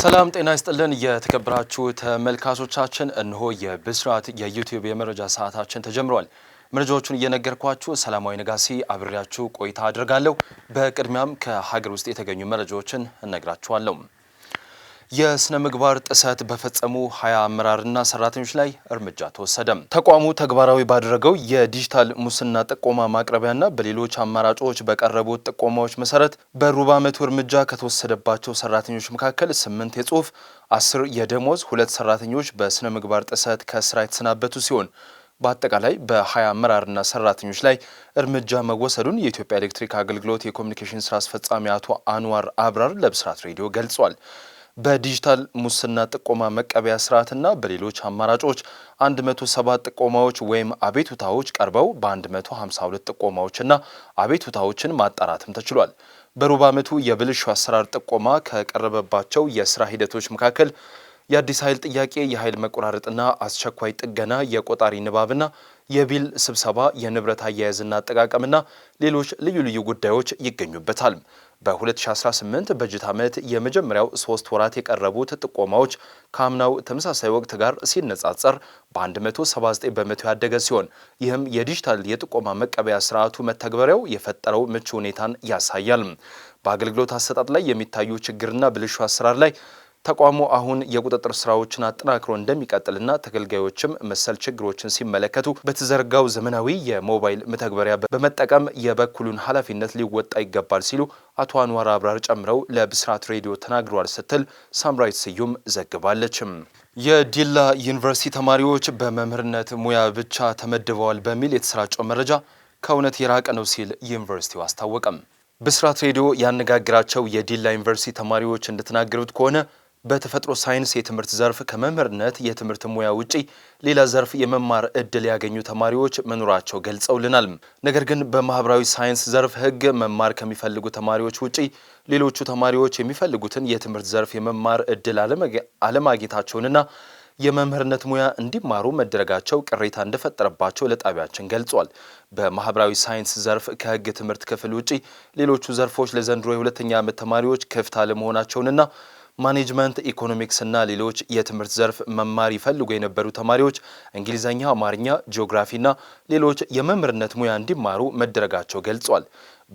ሰላም ጤና ይስጥልን የተከበራችሁ ተመልካቾቻችን፣ እነሆ የብስራት የዩቲዩብ የመረጃ ሰዓታችን ተጀምሯል። መረጃዎቹን እየነገርኳችሁ ሰላማዊ ነጋሲ አብሬያችሁ ቆይታ አድርጋለሁ። በቅድሚያም ከሀገር ውስጥ የተገኙ መረጃዎችን እነግራችኋለሁ። የስነ ምግባር ጥሰት በፈጸሙ ሀያ አመራርና ሰራተኞች ላይ እርምጃ ተወሰደ። ተቋሙ ተግባራዊ ባደረገው የዲጂታል ሙስና ጥቆማ ማቅረቢያና በሌሎች አማራጮች በቀረቡት ጥቆማዎች መሰረት በሩብ ዓመቱ እርምጃ ከተወሰደባቸው ሰራተኞች መካከል ስምንት የጽሁፍ፣ አስር የደሞዝ፣ ሁለት ሰራተኞች በስነ ምግባር ጥሰት ከስራ የተሰናበቱ ሲሆን በአጠቃላይ በሀያ አመራርና ሰራተኞች ላይ እርምጃ መወሰዱን የኢትዮጵያ ኤሌክትሪክ አገልግሎት የኮሚኒኬሽን ስራ አስፈጻሚ አቶ አንዋር አብራር ለብስራት ሬዲዮ ገልጿል። በዲጂታል ሙስና ጥቆማ መቀበያ ስርዓትና በሌሎች አማራጮች 107 ጥቆማዎች ወይም አቤቱታዎች ቀርበው በ152 ጥቆማዎችና አቤቱታዎችን ማጣራትም ተችሏል። በሩብ ዓመቱ የብልሹ አሰራር ጥቆማ ከቀረበባቸው የስራ ሂደቶች መካከል የአዲስ ኃይል ጥያቄ፣ የኃይል መቆራረጥና አስቸኳይ ጥገና፣ የቆጣሪ ንባብና የቢል ስብሰባ፣ የንብረት አያያዝና አጠቃቀምና ሌሎች ልዩ ልዩ ጉዳዮች ይገኙበታል። በ2018 በጀት ዓመት የመጀመሪያው ሶስት ወራት የቀረቡት ጥቆማዎች ከአምናው ተመሳሳይ ወቅት ጋር ሲነጻጸር በ179 በመቶ ያደገ ሲሆን ይህም የዲጂታል የጥቆማ መቀበያ ስርዓቱ መተግበሪያው የፈጠረው ምቹ ሁኔታን ያሳያል። በአገልግሎት አሰጣጥ ላይ የሚታዩ ችግርና ብልሹ አሰራር ላይ ተቋሙ አሁን የቁጥጥር ስራዎችን አጠናክሮ እንደሚቀጥልና ተገልጋዮችም መሰል ችግሮችን ሲመለከቱ በተዘርጋው ዘመናዊ የሞባይል መተግበሪያ በመጠቀም የበኩሉን ኃላፊነት ሊወጣ ይገባል ሲሉ አቶ አንዋር አብራር ጨምረው ለብስራት ሬዲዮ ተናግረዋል ስትል ሳምራይት ስዩም ዘግባለችም። የዲላ ዩኒቨርሲቲ ተማሪዎች በመምህርነት ሙያ ብቻ ተመድበዋል በሚል የተሰራጨው መረጃ ከእውነት የራቀ ነው ሲል ዩኒቨርሲቲው አስታወቀም። ብስራት ሬዲዮ ያነጋግራቸው የዲላ ዩኒቨርሲቲ ተማሪዎች እንደተናገሩት ከሆነ በተፈጥሮ ሳይንስ የትምህርት ዘርፍ ከመምህርነት የትምህርት ሙያ ውጪ ሌላ ዘርፍ የመማር እድል ያገኙ ተማሪዎች መኖራቸው ገልጸውልናል። ነገር ግን በማህበራዊ ሳይንስ ዘርፍ ሕግ መማር ከሚፈልጉ ተማሪዎች ውጪ ሌሎቹ ተማሪዎች የሚፈልጉትን የትምህርት ዘርፍ የመማር እድል አለማግኘታቸውንና የመምህርነት ሙያ እንዲማሩ መደረጋቸው ቅሬታ እንደፈጠረባቸው ለጣቢያችን ገልጿል። በማህበራዊ ሳይንስ ዘርፍ ከህግ ትምህርት ክፍል ውጪ ሌሎቹ ዘርፎች ለዘንድሮ የሁለተኛ ዓመት ተማሪዎች ክፍት አለመሆናቸውንና ማኔጅመንት፣ ኢኮኖሚክስ እና ሌሎች የትምህርት ዘርፍ መማር ይፈልጉ የነበሩ ተማሪዎች እንግሊዝኛ፣ አማርኛ፣ እና ሌሎች የመምህርነት ሙያ እንዲማሩ መደረጋቸው ገልጿል።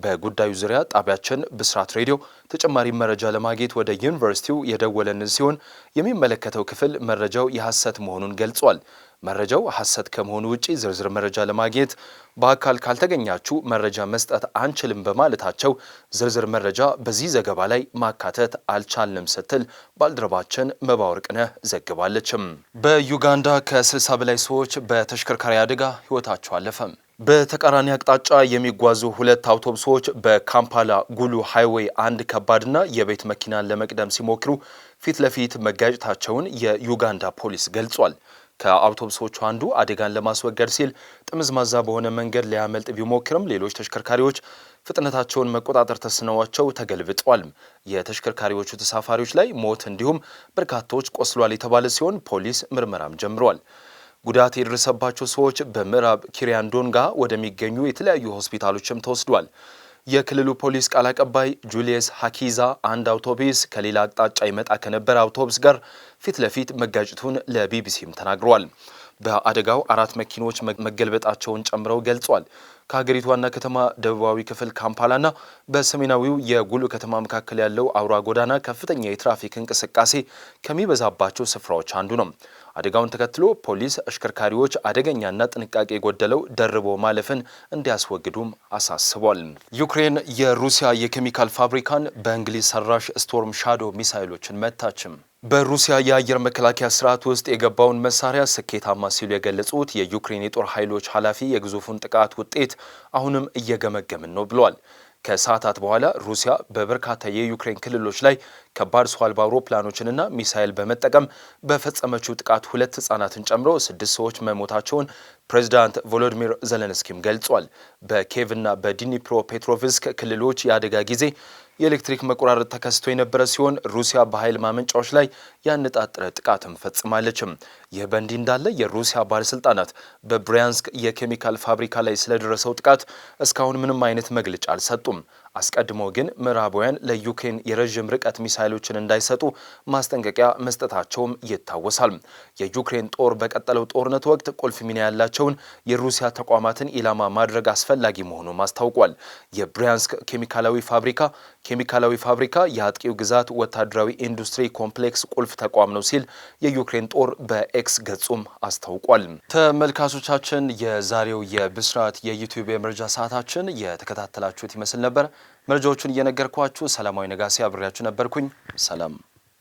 በጉዳዩ ዙሪያ ጣቢያችን ብስራት ሬዲዮ ተጨማሪ መረጃ ለማግኘት ወደ ዩኒቨርሲቲው የደወለን ሲሆን የሚመለከተው ክፍል መረጃው የሐሰት መሆኑን ገልጿል። መረጃው ሐሰት ከመሆኑ ውጪ ዝርዝር መረጃ ለማግኘት በአካል ካልተገኛችሁ መረጃ መስጠት አንችልም በማለታቸው ዝርዝር መረጃ በዚህ ዘገባ ላይ ማካተት አልቻልንም ስትል ባልደረባችን መባወርቅነህ ዘግባለችም። በዩጋንዳ ከ60 በላይ ሰዎች በተሽከርካሪ አደጋ ሕይወታቸው አለፈም። በተቃራኒ አቅጣጫ የሚጓዙ ሁለት አውቶቡሶች በካምፓላ ጉሉ ሃይዌይ አንድ ከባድና የቤት መኪናን ለመቅደም ሲሞክሩ ፊት ለፊት መጋጨታቸውን የዩጋንዳ ፖሊስ ገልጿል። ከአውቶቡሶቹ አንዱ አደጋን ለማስወገድ ሲል ጥምዝማዛ በሆነ መንገድ ሊያመልጥ ቢሞክርም ሌሎች ተሽከርካሪዎች ፍጥነታቸውን መቆጣጠር ተስነዋቸው ተገልብጧል። የተሽከርካሪዎቹ ተሳፋሪዎች ላይ ሞት እንዲሁም በርካቶች ቆስሏል የተባለ ሲሆን ፖሊስ ምርመራም ጀምሯል። ጉዳት የደረሰባቸው ሰዎች በምዕራብ ኪሪያንዶንጋ ወደሚገኙ የተለያዩ ሆስፒታሎችም ተወስዷል። የክልሉ ፖሊስ ቃል አቀባይ ጁልየስ ሀኪዛ አንድ አውቶቡስ ከሌላ አቅጣጫ ይመጣ ከነበረ አውቶቡስ ጋር ፊት ለፊት መጋጨቱን ለቢቢሲም ተናግረዋል። በአደጋው አራት መኪኖች መገልበጣቸውን ጨምረው ገልጿል። ከሀገሪቱ ዋና ከተማ ደቡባዊ ክፍል ካምፓላና በሰሜናዊው የጉሉ ከተማ መካከል ያለው አውራ ጎዳና ከፍተኛ የትራፊክ እንቅስቃሴ ከሚበዛባቸው ስፍራዎች አንዱ ነው። አደጋውን ተከትሎ ፖሊስ አሽከርካሪዎች አደገኛና ጥንቃቄ የጎደለው ደርቦ ማለፍን እንዲያስወግዱም አሳስቧል። ዩክሬን የሩሲያ የኬሚካል ፋብሪካን በእንግሊዝ ሰራሽ ስቶርም ሻዶ ሚሳይሎችን መታችም። በሩሲያ የአየር መከላከያ ስርዓት ውስጥ የገባውን መሳሪያ ስኬታማ ሲሉ የገለጹት የዩክሬን የጦር ኃይሎች ኃላፊ የግዙፉን ጥቃት ውጤት አሁንም እየገመገምን ነው ብለዋል። ከሰዓታት በኋላ ሩሲያ በበርካታ የዩክሬን ክልሎች ላይ ከባድ ሰው አልባ አውሮፕላኖችንና ሚሳኤል በመጠቀም በፈጸመችው ጥቃት ሁለት ሕጻናትን ጨምሮ ስድስት ሰዎች መሞታቸውን ፕሬዚዳንት ቮሎዲሚር ዘለንስኪም ገልጿል። በኬቭና በዲኒፕሮ ፔትሮቭስክ ክልሎች የአደጋ ጊዜ የኤሌክትሪክ መቆራረጥ ተከስቶ የነበረ ሲሆን ሩሲያ በኃይል ማመንጫዎች ላይ ያነጣጠረ ጥቃትም ፈጽማለችም። ይህ በእንዲህ እንዳለ የሩሲያ ባለስልጣናት በብሪያንስክ የኬሚካል ፋብሪካ ላይ ስለደረሰው ጥቃት እስካሁን ምንም አይነት መግለጫ አልሰጡም። አስቀድሞ ግን ምዕራባውያን ለዩክሬን የረዥም ርቀት ሚሳይሎችን እንዳይሰጡ ማስጠንቀቂያ መስጠታቸውም ይታወሳል። የዩክሬን ጦር በቀጠለው ጦርነት ወቅት ቁልፍ ሚና ያላቸውን የሩሲያ ተቋማትን ኢላማ ማድረግ አስፈላጊ መሆኑም አስታውቋል። የብሪያንስክ ኬሚካላዊ ፋብሪካ ኬሚካላዊ ፋብሪካ የአጥቂው ግዛት ወታደራዊ ኢንዱስትሪ ኮምፕሌክስ ቁልፍ ተቋም ነው ሲል የዩክሬን ጦር በኤክስ ገጹም አስታውቋል። ተመልካቾቻችን የዛሬው የብስራት የዩቲዩብ የመረጃ ሰዓታችን የተከታተላችሁት ይመስል ነበር። መረጃዎቹን እየነገርኳችሁ ሰላማዊ ነጋሴ አብሬያችሁ ነበርኩኝ። ሰላም